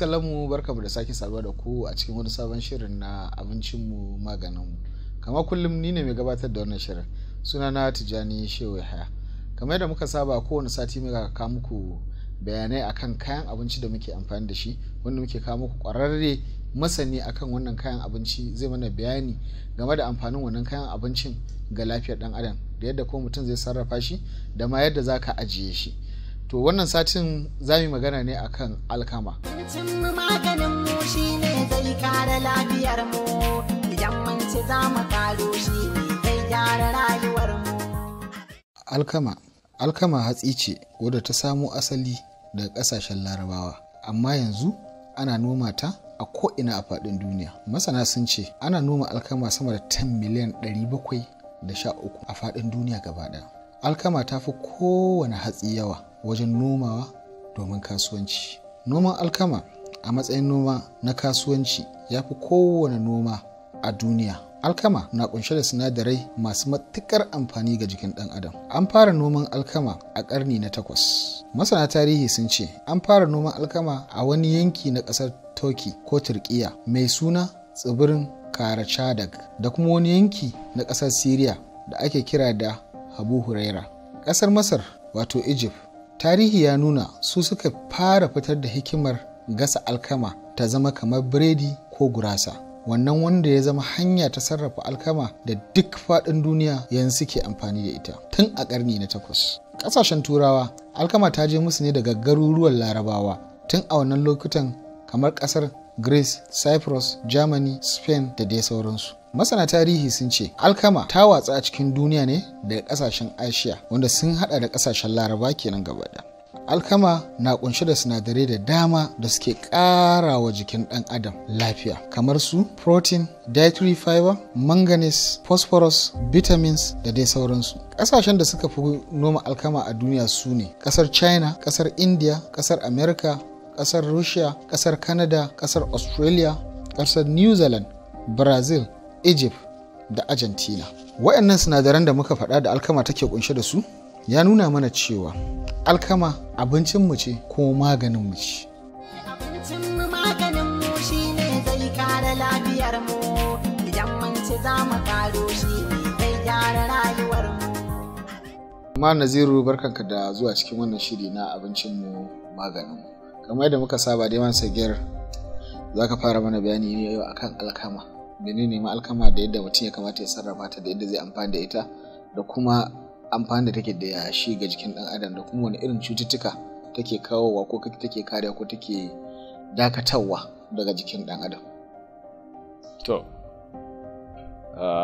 masu mu barkamu da sake saduwa da ku a cikin wani sabon shirin na abincinmu maganinmu kama kullum ni ne mai gabatar da wannan shirin sunana tijjani shehu haya kamar yadda muka saba kowane sati muka kawo muku bayanai akan kayan abinci da muke amfani da shi wanda muke kawo muku kwararre masani akan wannan kayan abinci zai mana bayani game da amfanin wannan kayan abincin ga lafiyar dan adam da yadda ko mutum zai sarrafa shi da ma yadda za ka ajiye shi to wannan satin za mu magana ne akan alkama shi ne alkama alkama hatsi ce wadda ta samo asali daga ƙasashen larabawa amma yanzu ana noma ta a ko'ina a faɗin duniya masana sun ce ana noma alkama sama da 10 miliyan da sha uku a faɗin duniya gaba ɗaya alkama ta fi kowane hatsi yawa wajen nomawa domin kasuwanci noman alkama a matsayin noma na kasuwanci ya fi kowane noma a duniya alkama na kunshe da sinadarai masu matuƙar amfani ga jikin ɗan adam an fara noman alkama a ƙarni na takwas masana tarihi sun ce an fara noman alkama a wani yanki na ƙasar turkey ko turkiya mai suna tsibirin karachadag da kuma wani yanki na ƙasar syria da ake kira da habu huraira ƙasar masar wato egypt tarihi ya nuna su suka fara fitar da hikimar gasa alkama ta zama kamar biredi ko gurasa wannan wanda ya zama hanya ta sarrafa alkama da duk faɗin duniya yanzu suke amfani da ita tun a ƙarni na takwas ƙasashen turawa alkama ta je musu ne daga garuruwan larabawa tun a wannan lokutan kamar ƙasar greece cyprus germany spain da dai sauransu masana tarihi sun ce alkama ta watsa a cikin duniya ne daga kasashen asiya wanda sun hada da kasashen laraba kenan gaba alkama na kunshe da sinadarai da dama da suke ƙara wa jikin ɗan adam lafiya kamar su protein dietary fiber manganese phosphorus vitamins da dai sauransu ƙasashen da suka fi noma alkama a duniya su ne ƙasar china ƙasar india ƙasar america ƙasar russia ƙasar canada ƙasar australia ƙasar new zealand brazil egypt da argentina waɗannan sinadaran da muka faɗa da alkama take kunshe da su ya nuna mana cewa alkama abincin abincinmu ce maganin maganinmu ce ma naziru barkanka da zuwa cikin wannan shiri na abincinmu maganinmu kamar yadda muka saba da yawan sagiyar za ka fara mana bayani ne yau akan alkama menene ma alkama da yadda mutum ya kamata ya sarrafa ta da yadda zai amfani da ita da kuma amfani da take da shi ga jikin dan adam da kuma wani irin cututtuka take kawowa ko take kariya ko take dakatarwa daga jikin dan adam to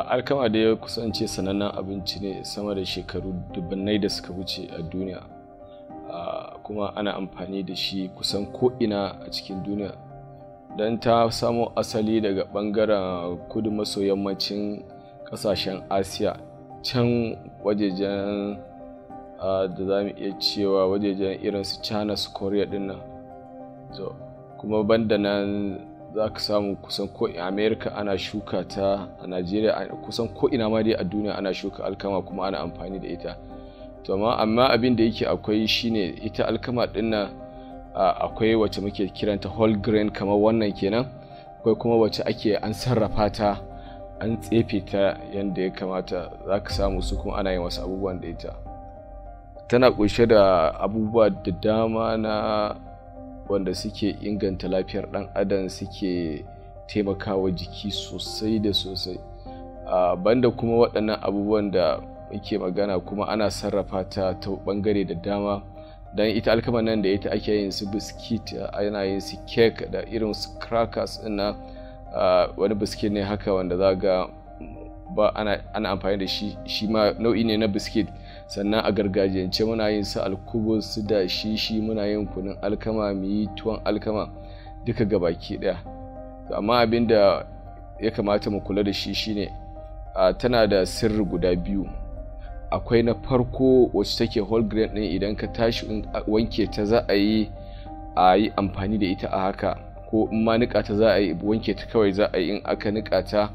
alkama da ya kusance sanannen abinci ne sama da shekaru dubbanai da suka wuce a duniya kuma ana amfani da shi kusan ko'ina a cikin duniya don ta samo asali daga bangaren kudu maso yammacin kasashen asiya can wajejen da za mu iya cewa wajejen irin su china su korea dinnan kuma banda nan za ka samu kusan ko america ana shuka ta a nigeria kusan ko ina ma dai a duniya ana shuka alkama kuma ana amfani da ita to amma abin da yake akwai shine ita alkama dinnan akwai wacce muke kiranta whole grain kamar wannan kenan akwai kuma wacce ake an sarrafa ta an tsefe ta yadda ya kamata za ka samu su kuma ana yin wasu abubuwan da ita tana kunshe da abubuwa da dama na wanda suke inganta lafiyar dan adam suke taimakawa jiki sosai da sosai banda kuma waɗannan abubuwan da muke magana kuma ana sarrafa ta ta ɓangare da dama don ita alkama nan da ita ake yin su biskit ana yin su kek da irin su crackers na wani biskit ne haka wanda za ga ba ana amfani da shi shi ma nau'i ne na biskit sannan a gargajiyance muna yin su alkubus su da shi shi muna yin kunun alkama mai tuwon alkama duka gabaki daya amma abin da ya kamata mu kula da shi shine tana da sirri guda biyu akwai na farko wacce take whole grain ɗin idan ka tashi wanke ta za a yi a yi amfani da ita a haka ko in ma nika ta za a yi wanke ta kawai za a yi in aka nika ta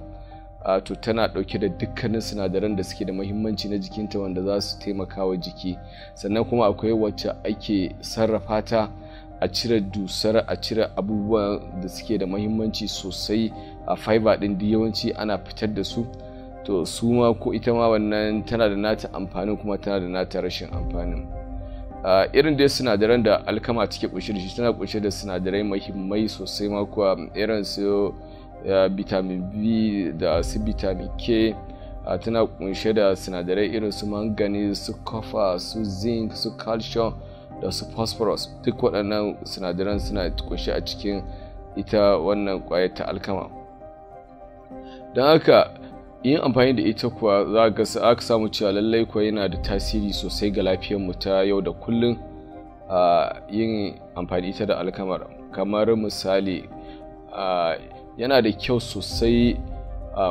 to tana dauke da dukkanin sinadaran da suke da mahimmanci na jikinta wanda za su taimaka wa jiki sannan kuma akwai wacce ake sarrafa ta a cire dusar a cire abubuwan da suke da mahimmanci sosai a fiber ɗin yawanci ana fitar da su to su ma ko ita ma wannan tana da nata amfanin kuma tana da nata rashin amfanin irin dai sinadaran da alkama take kunshe da shi tana kunshe da sinadarai mahimmai sosai ma kuwa irin su vitamin b da su vitamin k tana kunshe da sinadarai irin su mangani su copper su zinc su calcium da su phosphorus duk waɗannan sinadaran suna kunshe a cikin ita wannan ƙwayar ta alkama don haka yin amfani da ita kuwa za ga aka samu cewa lallai kuwa yana da tasiri sosai ga lafiyarmu ta yau da kullum a yin amfani ita da alkamar kamar misali yana da kyau sosai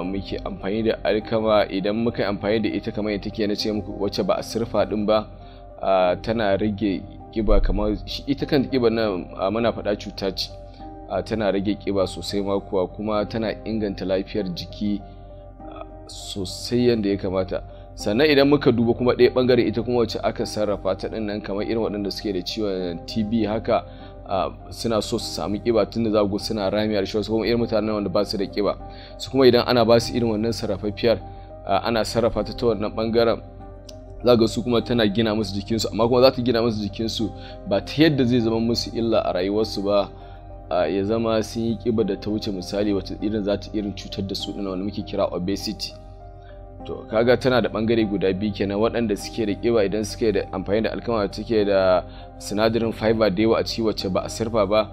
muke amfani da alkama idan muka amfani da ita kamar yadda take na ce muku wacce ba a sirfa din ba tana rage kiba kamar ita kan kiba na muna faɗa cuta ce tana rage kiba sosai ma kuwa kuma tana inganta lafiyar jiki sosai yadda ya kamata sannan idan muka duba kuma ɗaya ɓangare ita kuma wacce aka sarrafa ta ɗin nan kamar irin waɗanda suke da ciwon tb haka suna so su sami kiba tunda za ku suna rami a su kuma irin mutanen wanda ba su da ƙiba. su kuma idan ana ba su irin wannan sarrafaffiyar ana sarrafa ta ta wannan ɓangaren za ga su kuma tana gina musu jikinsu amma kuma za ta gina musu jikinsu ba ta yadda zai zama musu illa a rayuwarsu ba ya zama sun yi ƙiba da ta wuce misali wata irin za ta irin cutar da su ɗin wani muke kira obesity to kaga tana da ɓangare guda biyu kenan waɗanda suke da kiba idan suke da amfani da alkama da take da sinadarin fiber da yawa a ciki wacce ba a sirfa ba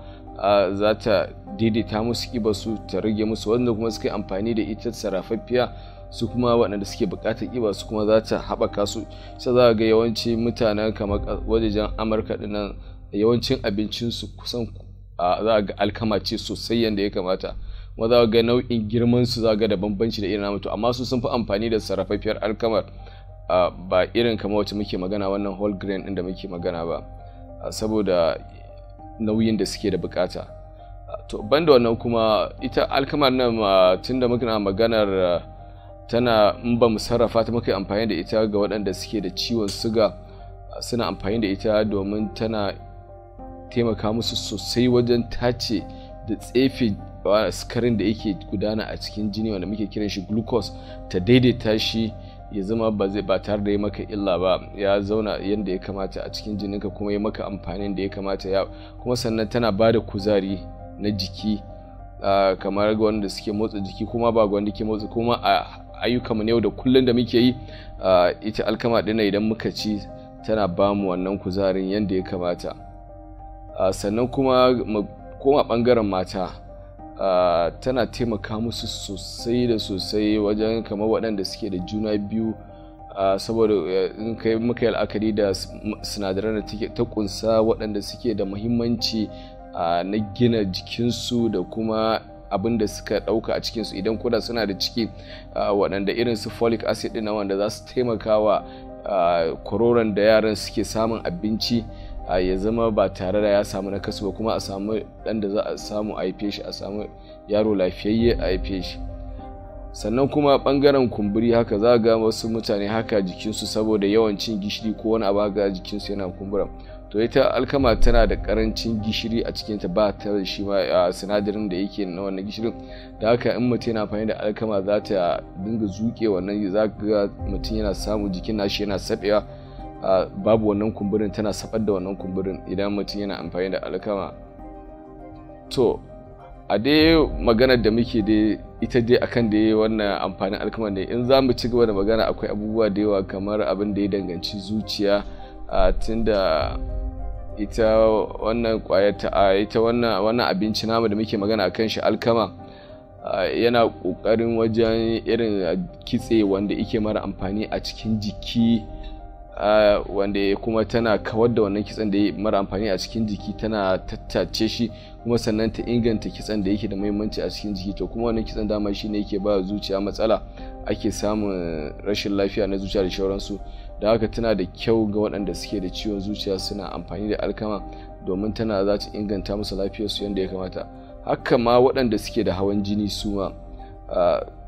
za ta daidaita musu ƙiba su ta rage musu wanda kuma suke amfani da ita sarrafaffiya su kuma waɗanda suke buƙatar ƙiba su kuma za ta haɓaka su sai za ga yawanci mutanen kamar wajejen amurka ɗinnan yawancin abincinsu kusan za ga alkama ce sosai yadda ya kamata kuma za ga nau'in girman su za ga da bambanci da irin namu to amma su sun fi amfani da sarrafaffiyar alkamar ba irin kamar wacce muke magana wannan whole grain din da muke magana ba saboda nauyin da suke da bukata to banda wannan kuma ita alkamar nan tun da muka maganar tana in ba mu sarrafa ta muke amfani da ita ga waɗanda suke da ciwon suga suna amfani da ita domin tana taimaka musu sosai wajen tace da tsefe sukarin da yake gudana a cikin jini wanda muke kiran shi glucose ta daidaita shi ya zama ba zai ba tare da ya maka illa ba ya zauna yadda ya kamata a cikin jininka kuma ya maka amfanin da ya kamata ya kuma sannan tana ba da kuzari na jiki kamar wanda suke motsa jiki kuma ba wanda ke motsa kuma a ayyuka mu yau da kullum da muke yi ita alkama dina idan muka ci tana ba mu wannan kuzarin yadda ya kamata Ah, sannan kuma koma ɓangaren mata ah, tana taimaka musu sosai da sosai wajen kamar waɗanda suke da juna biyu ah, saboda eh, in kai muka yi la'akari da sinadaran da ta kunsa waɗanda suke da muhimmanci na gina jikinsu da kuma abin da suka ɗauka a cikinsu idan koda suna da ciki waɗanda irin su folic acid ɗin wanda za su taimaka wa kororon da yaran suke samun abinci a ya zama ba tare da ya samu na ba kuma a samu dan da za a samu haife shi a samu yaro lafiyayye a haife shi sannan kuma bangaren kumburi haka za ga wasu mutane haka jikinsu saboda yawan cin gishiri ko wani abu ga jikinsu yana kumbura to ita alkama tana da karancin gishiri a cikin ta ba ta shi ma sinadarin da yake na wannan gishirin da haka in mutum yana amfani da alkama za ta dinga zuke wannan za ga mutum yana samu jikin nashi yana sabewa babu wannan kumburin tana sabar da wannan kumburin idan mutum yana amfani da alkama to a dai maganar da muke dai ita dai akan da ya wannan amfanin alkama ne in za mu ci gaba da magana akwai abubuwa da yawa kamar abin da ya danganci zuciya tunda ita wannan kwayar ta ita wannan abinci namu da muke magana akan shi alkama yana kokarin wajen irin kitse wanda yake mara amfani a cikin jiki wanda kuma tana kawar da wannan kitsen da ya mara amfani a cikin jiki tana tattace shi kuma sannan ta inganta kitsen da yake da muhimmanci a cikin jiki to kuma wannan kitsen dama ne yake ba zuciya matsala ake samun rashin lafiya na zuciya da shauransu da haka tana da kyau ga waɗanda suke da ciwon zuciya suna amfani da alkama domin tana za ta inganta musu lafiyarsu yadda ya kamata haka ma waɗanda suke da hawan jini su ma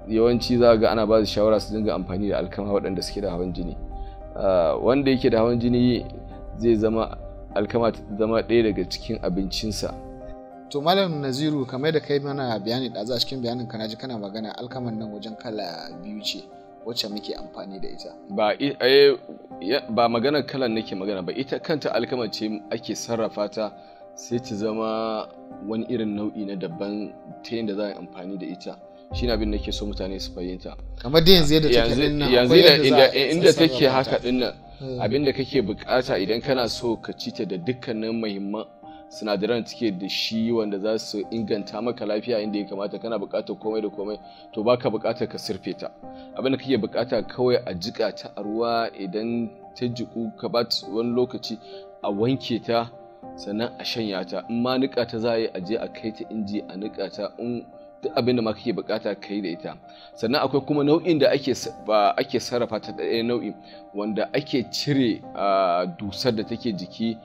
yawanci za ga ana ba su shawara su dinga amfani da alkama waɗanda suke da hawan jini Ah, wanda yake da hawan jini zai zama alkama zama ɗaya daga cikin abincinsa to malam naziru kamar da kai mana bayani za a cikin bayanin ka naji kana magana alkaman nan wajen kala biyu ce wacce muke amfani da ita ba eh, ba magana kalan nake magana ba ita kanta alkama ce ake sarrafa ta sai ta zama wani irin nau'i na daban ta yadda za a yi amfani da ita shi na abin da ke so mutane su fahimta kamar da yanzu yadda take inda take haka dinnan hmm. abin da kake bukata idan kana so ka cita da dukkanin muhimman sinadaran take da shi wanda za su inganta maka lafiya inda ya kamata kana bukatar komai da komai to baka bukata ka surfe ta abin da kake bukata kawai a jika ta a ruwa idan ta jiku ka ba wani lokaci a wanke ta sannan a shanya ta in ma nika ta za a yi a je a kai ta inji a nika ta in duk abin da ma kake bukata ka yi da ita sannan akwai kuma nau'in da ake sarrafa ta da ɗaya nau'in wanda ake cire dusar da take jiki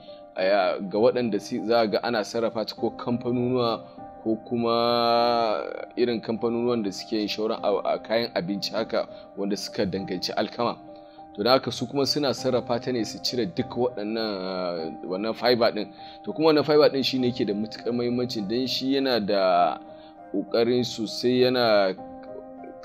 ga waɗanda za ga ana sarrafa ta ko kamfanonuwa ko kuma irin kamfanonuwan da suke yin shauran kayan abinci haka wanda suka danganci alkama to da haka su kuma suna sarrafa ta ne su cire duk waɗannan wannan fiber din to kuma wannan fiber din shine yake da matukar muhimmanci don shi yana da ƙoƙarin sosai yana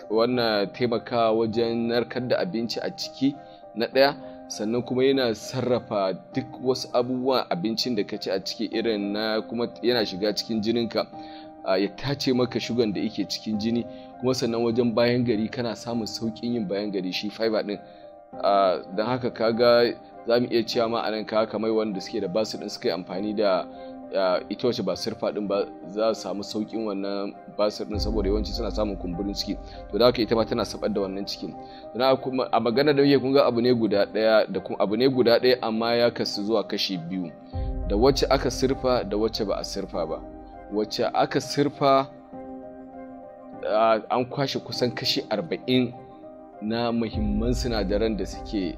wannan taimakawa wajen narkar da abinci a ciki na ɗaya sannan kuma yana sarrafa duk wasu abubuwan abincin da ka ci a ciki irin na kuma yana shiga cikin jininka ya tace maka shugan da yake cikin jini kuma sannan wajen bayan gari kana samun sauƙin yin bayan gari shi fiber ɗin don haka kaga za mu iya cewa ma anan ka kamar wanda suke da basu ɗin suka yi amfani da ita wace ba sirfa din ba za su samu saukin wannan basir din saboda yawanci suna samun kumburin ciki to da haka ita ma tana sabar da wannan cikin dan a magana da yake kun ga abu ne guda daya da kuma abu ne guda daya amma ya kasu zuwa kashi biyu da wacce aka sirfa da wacce ba a sirfa ba wacce aka sirfa an kwashe kusan kashi arba'in na muhimman sinadaran da suke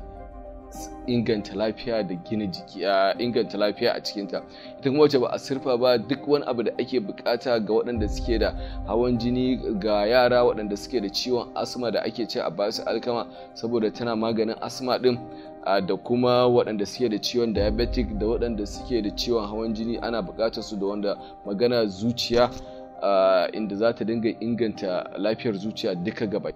inganta lafiya da gina jiki a inganta lafiya a cikinta ita kuma wace ba a sirfa ba duk wani abu da ake bukata ga waɗanda suke da hawan jini ga yara waɗanda suke da ciwon asma da ake ce a basu alkama saboda tana maganin asma din da kuma waɗanda suke da ciwon diabetic da waɗanda suke da ciwon hawan jini ana bukatar su da wanda magana zuciya inda za ta dinga inganta lafiyar zuciya duka gaba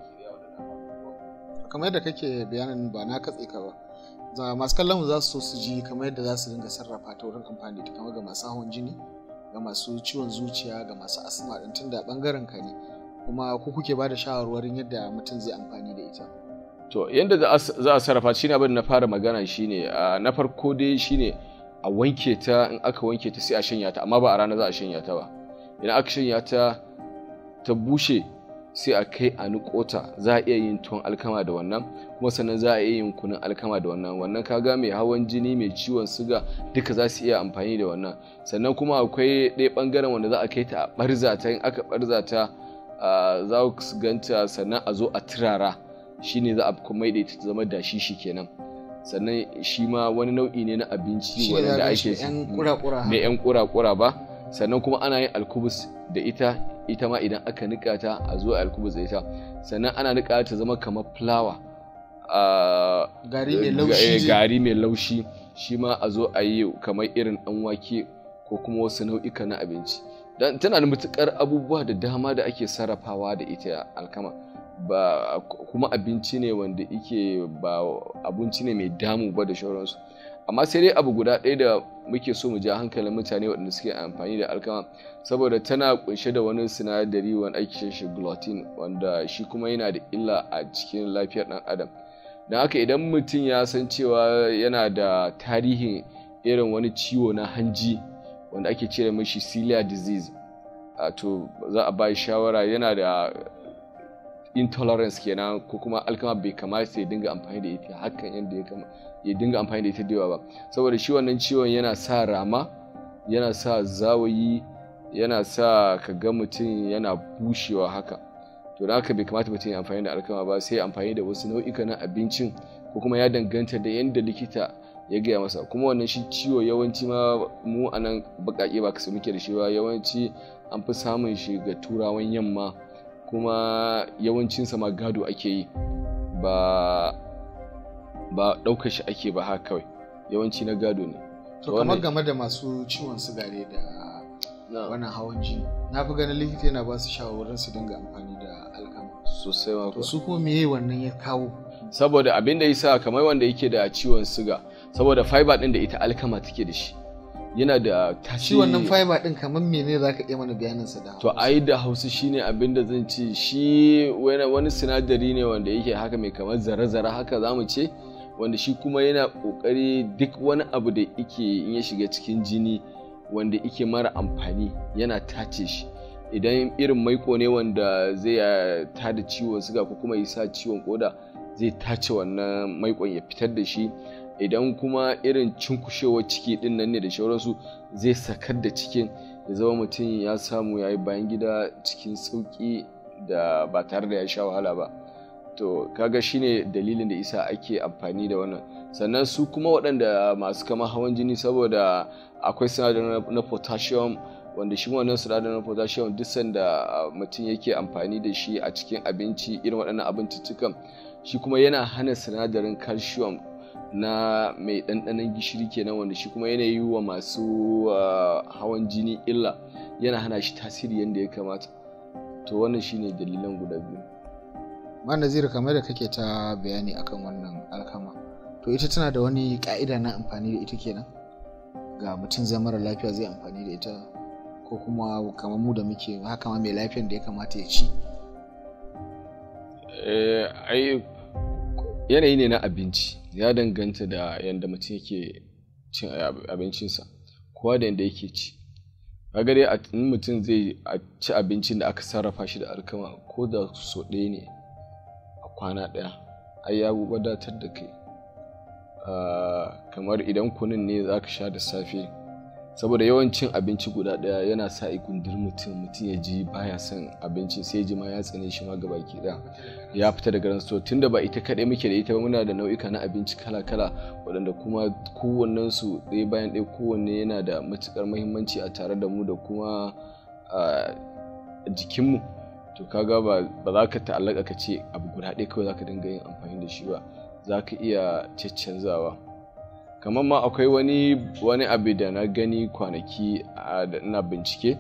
kamar yadda kake bayanin ba na katse ka ba masu kallon za su so su ji kamar yadda za su dinga sarrafa ta wurin amfani ta kamar ga masu hawan jini ga masu ciwon zuciya ga masu asma din da bangaren ka ne kuma ku kuke ba da shawarwarin yadda mutum zai amfani da ita to yadda za a sarrafa shine abin na fara magana shine na farko dai shine a wanke ta in aka wanke ta sai a shanya ta amma ba a rana za a shanya ta ba idan aka shanya ta ta bushe sai a kai a niƙota za a iya yin tuwon alkama da wannan kuma sannan za a iya yin kunun alkama da wannan wannan ga mai hawan jini mai ciwon suga duka za su iya amfani da wannan sannan kuma akwai ɗaya ɓangaren wanda za a kai ta a ɓarza in aka barzata ta za su ganta sannan a zo a turara shine za a kuma yi ta zama dashi shi kenan sannan shi ma wani nau'i ne na abinci wanda ake yan kura-kura ba sannan kuma ana yin alkubus da ita ita ma idan aka nika ta a zuwa alkubus da ita sannan ana nika ta zama kamar fulawa eh, gari mai laushi shi ma a zo a yi kamar irin ɗan wake ko kuma wasu nau'ika na abinci don tana da matuƙar abubuwa da dama da ake sarrafawa da ita alkama ba kuma abinci ne wanda ike ba abinci ne mai damu ba da shauransu amma sai dai abu guda ɗaya da muke so mu ja hankalin mutane waɗanda suke amfani da alkama saboda tana kunshe da wani sinadari wani ake shi gluten wanda shi kuma yana da illa a cikin lafiyar ɗan adam don haka idan mutum ya san cewa yana da tarihin irin wani ciwo na hanji wanda ake cire mashi celiac disease to za a ba shawara yana da intolerance kenan ko kuma alkama bai kamata ya dinga amfani da ita hakan yadda ya kama ya dinga amfani da ita da ba saboda shi wannan ciwon yana sa rama yana sa zawayi yana sa ka ga mutum yana bushewa haka to da haka bai kamata mutum ya amfani da alkama ba sai amfani da wasu nau'ika na abincin ko kuma ya danganta da yadda likita ya gaya masa kuma wannan shi ciwo yawanci ma mu anan baƙaƙe ba kasa muke da shi ba yawanci an fi samun shi ga turawan yamma kuma yawancin ma gado ake yi ba ba ɗaukar shi ake ba haka kawai yawanci na gado ne to kamar game da masu ciwon sigari da wannan hawan jini na fi ganin likita yana ba su shawarar su dinga amfani da alkama sosai ba to su kuma meye wannan ya kawo saboda abin da yasa kamar wanda yake da ciwon siga saboda fiber din da ita alkama take da shi yana da kashi wannan fiber din kamar mene za ka mana bayanin sa da to ai da hausa shine abin da zan ce shi wani sinadari ne wanda yake haka mai kamar zare-zare haka za mu ce wanda shi kuma yana kokari duk wani abu da yake in ya shiga cikin jini wanda yake mara amfani yana tace shi idan irin maiko ne wanda zai tada ciwon suga ko kuma ya sa ciwon koda zai tace wannan maikon ya fitar da shi idan kuma irin cinkushewar ciki din nan ne da shauransu zai sakar da cikin ya zama mutum ya samu ya yi bayan gida cikin sauki da ba tare da ya sha wahala ba to kaga shine dalilin da isa ake amfani da wannan sannan su kuma waɗanda masu kama hawan jini saboda akwai sinadarin na potassium wanda shi wannan sinadarin na potassium duk sanda ah, mutum yake amfani da shi a cikin abinci irin waɗannan abinciccikan shi kuma yana hana sinadarin calcium na mai ɗanɗanon gishiri kenan wanda shi kuma yanayi wa masu ah, hawan jini illa yana hana shi tasiri yadda ya kamata to wannan shine dalilan guda biyu ma nazir kamar da kake ta bayani akan wannan alkama to ita tana da wani ka'ida na amfani da ita kenan ga mutum zai mara lafiya zai amfani da ita ko kuma kamar mu da muke haka ma mai lafiyan da ya kamata ya ci eh, yanayi ne na abinci ya danganta da yadda mutum yake cin abincinsa kowa da yadda yake ci ga dai in mutum zai ci abincin da aka sarrafa shi da alkama ko da so ɗaya ne a kwana ɗaya ai ya wadatar da kai ah, kamar idan kunun ne za ka sha da safe saboda yawancin abinci guda daya yana sa ikundir mutum mutum ya ji baya son abinci sai ji ma ya tsane shi ma gaba ki da ya fita daga ran store tunda ba ita kadai muke da ita ba muna da nau'ika na abinci kala kala waɗanda kuma kowannen su ɗaya bayan ɗaya kowanne yana da matukar muhimmanci a tare da mu da kuma a jikinmu to kaga ba za ka ta'allaka ka ce abu guda ɗaya kawai za ka dinga yin amfani da shi ba za ka iya cancanzawa. kamar ma akwai wani wani abu da na gani kwanaki da ina bincike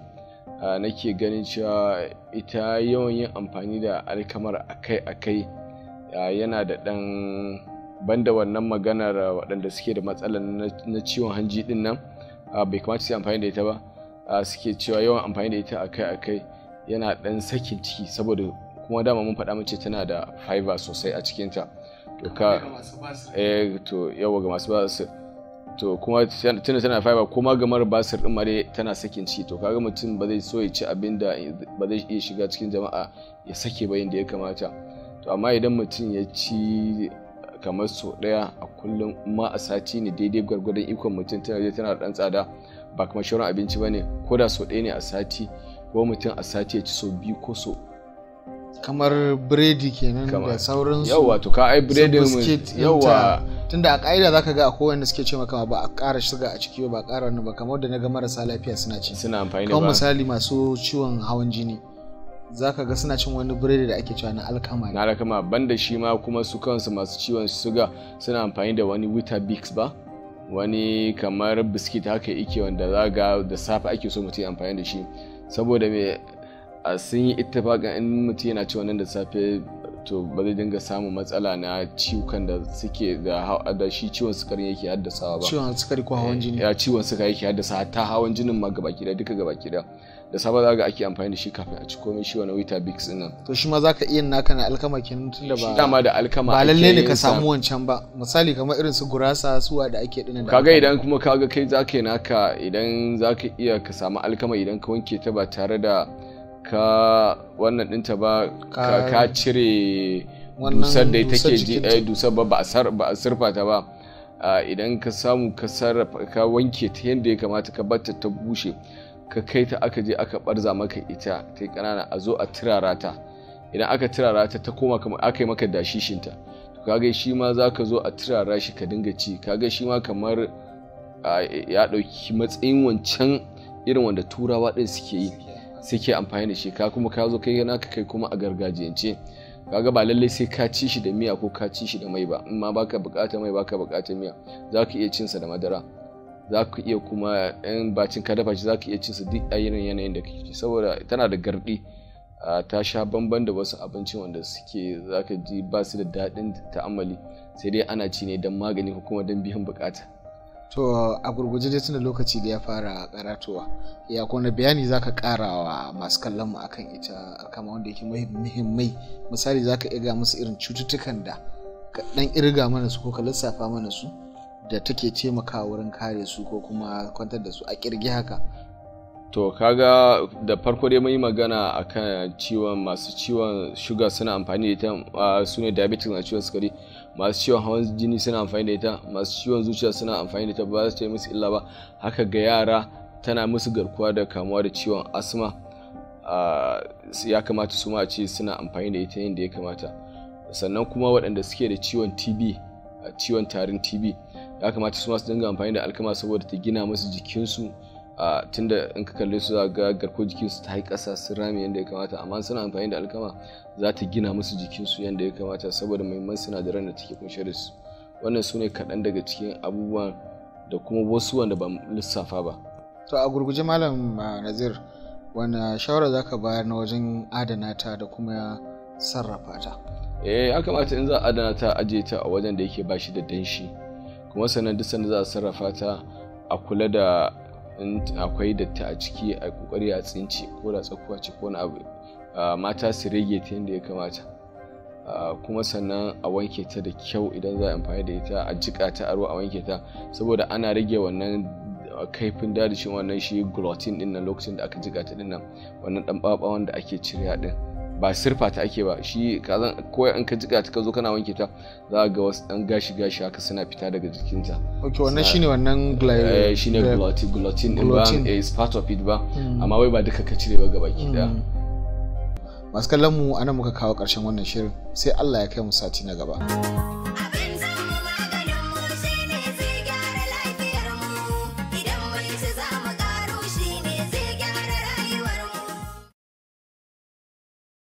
nake ganin cewa ita yawan yin amfani da alkamar akai-akai yana da ɗan banda wannan maganar waɗanda suke da matsalar na ciwon hanji ɗin nan bai kamata su amfani da ita ba suke cewa yawan amfani da ita akai-akai yana ɗan sakin ciki saboda kuma dama mun faɗa mace tana da fiber sosai a cikinta ka eh, to yawa ga masu basir to kuma tana tana fiber kuma ga mara basir din mare tana sakin ci to kaga mutum ba zai so ya ci abin da ba zai iya shiga cikin jama'a ya sake ba yanda ya kamata to amma idan mutum ya ci kamar sau daya a kullum ma a sati ne daidai gwargwadon ikon mutum tana da tana dan tsada ba kamar shauran abinci bane ko da sau daya ne a sati ko mutum a sati ya ci sau biyu ko sau kamar biredi kenan da sauransu yawa to ka ai biredin yawa tunda a ƙa'ida zaka ga akwai wanda suke ce maka ba a ƙara shiga a ciki ba a ƙara wani ba kamar da na ga marasa lafiya suna ci suna amfani ba misali masu ciwon hawan jini zaka ga suna cin wani biredi da ake cewa na alkama na alkama banda shi ma kuma su kansu masu ciwon suga suna amfani da wani weetabix ba wani kamar biskit haka yake wanda za ga da safe ake so mutum amfani da shi saboda me a sun yi ittifaƙin in mutum yana ci wannan da safe to ba zai dinga samun matsala na ciwukan da suke da shi ciwon sukari yake haddasawa ba ciwon sukari ko hawan eh, jini ya ciwon sukari yake haddasa ta hawan jinin ma gaba da duka gaba da da sabon za ga ake amfani da shi kafin a ci komai shi wani wita bix din nan to shi ma zaka iya naka na alkama kenan tunda ba dama da alkama ba lalle ne ka samu wancan ba misali kamar irin su gurasa suwa da ake dinan da kaga idan kuma kaga kai zaka yi naka idan zaka iya ka samu alkama idan ka wanke ta ba tare da ka wannan dinta ba ka cire dusar da take ji eh, dusar ba ba a surfa ba idan ka samu ka sarrafa ka wanke ta yadda ya kamata ka bata ta bushe ka kai ta aka je aka barza maka ita ta yi ƙanana a zo a turara ta idan aka turara ta ta koma kamar aka yi maka dashishinta kaga shi ma za ka zo a turara shi ka dinga ci kaga shi ma kamar ya ɗauki matsayin wancan irin wanda turawa ɗin suke yi sai ke amfani da shi ka kuma ka zo kai naka kai kuma a gargajiyance kaga ba lallai sai ka ci shi da miya ko ka ci shi da mai ba amma ma baka bukata mai baka bukata miya za ka iya cinsa da madara za ka iya kuma yan bacin ka dafa shi za ka iya cinsa duk a yanayin da kake saboda tana da gardi ta sha bamban da wasu abinci wanda suke za ka ji ba su da daɗin ta'amali sai dai ana ci ne don magani ko kuma don biyan bukata To a gurguje dai tunda lokaci da ya fara karatuwa Ya kone bayani za ka karawa masu kallon mu akan ita kama wanda yake muhimmai misali za ka iga musu irin cututtukan da ka dan irga mana su ko ka lissafa mana su da take taimakawa wurin kare su ko kuma kwantar da su a kirgi haka to kaga da farko dai yi magana akan ciwon masu ciwon shuga suna amfani da ita su ne diabetes na ciwon sukari masu ciwon hawan jini suna amfani da ita masu ciwon zuciya suna amfani da ita ba za ta yi musu illa ba haka ga yara tana musu garkuwa da kamuwa da ciwon asma ya kamata su ma ce suna amfani da ita yadda ya kamata sannan kuma waɗanda suke da ciwon tb ciwon tarin tb ya kamata su ma su dinga amfani da alkama saboda ta gina musu jikinsu tunda in ka kalle su ga garko su ta yi ƙasa sun rami yadda ya kamata amma suna amfani da alkama za ta gina musu jikinsu yadda ya kamata saboda muhimman sinadaran da take kunshe da su wannan su ne kaɗan daga cikin abubuwan da kuma wasu wanda ba lissafa ba to a gurguje malam nazir wani shawara za ka bayar na wajen adana ta da kuma sarrafa ta eh ya kamata in za a adana ta ajiye ta a wajen da yake ba shi da danshi kuma sannan duk sanda za a sarrafa ta a kula da in akwai datti a ciki a kokari a tsinci ko da tsakuwa ce ko wani abu mata su rage ta yadda ya kamata kuma sannan a wanke ta da kyau idan za a amfani da ita a jika ta a ruwa a wanke ta saboda ana rage wannan kaifin dadashin wannan shi gluten din nan lokacin da aka jika ta din nan wannan dan babawan da ake cire din ba sirfa ta ake ba shi kazan ko in ka jiga ta ka zo kana wanke ta za ga wasu dan gashi gashi haka suna fita daga jikinta okay wannan shine wannan glycine eh, shine glutin glutin din ba is part of it ba hmm. amma wai ba duka ka cire ba gabaki daya hmm. masu kallon mu anan muka kawo karshen wannan shirin sai Allah ya kai mu sati na gaba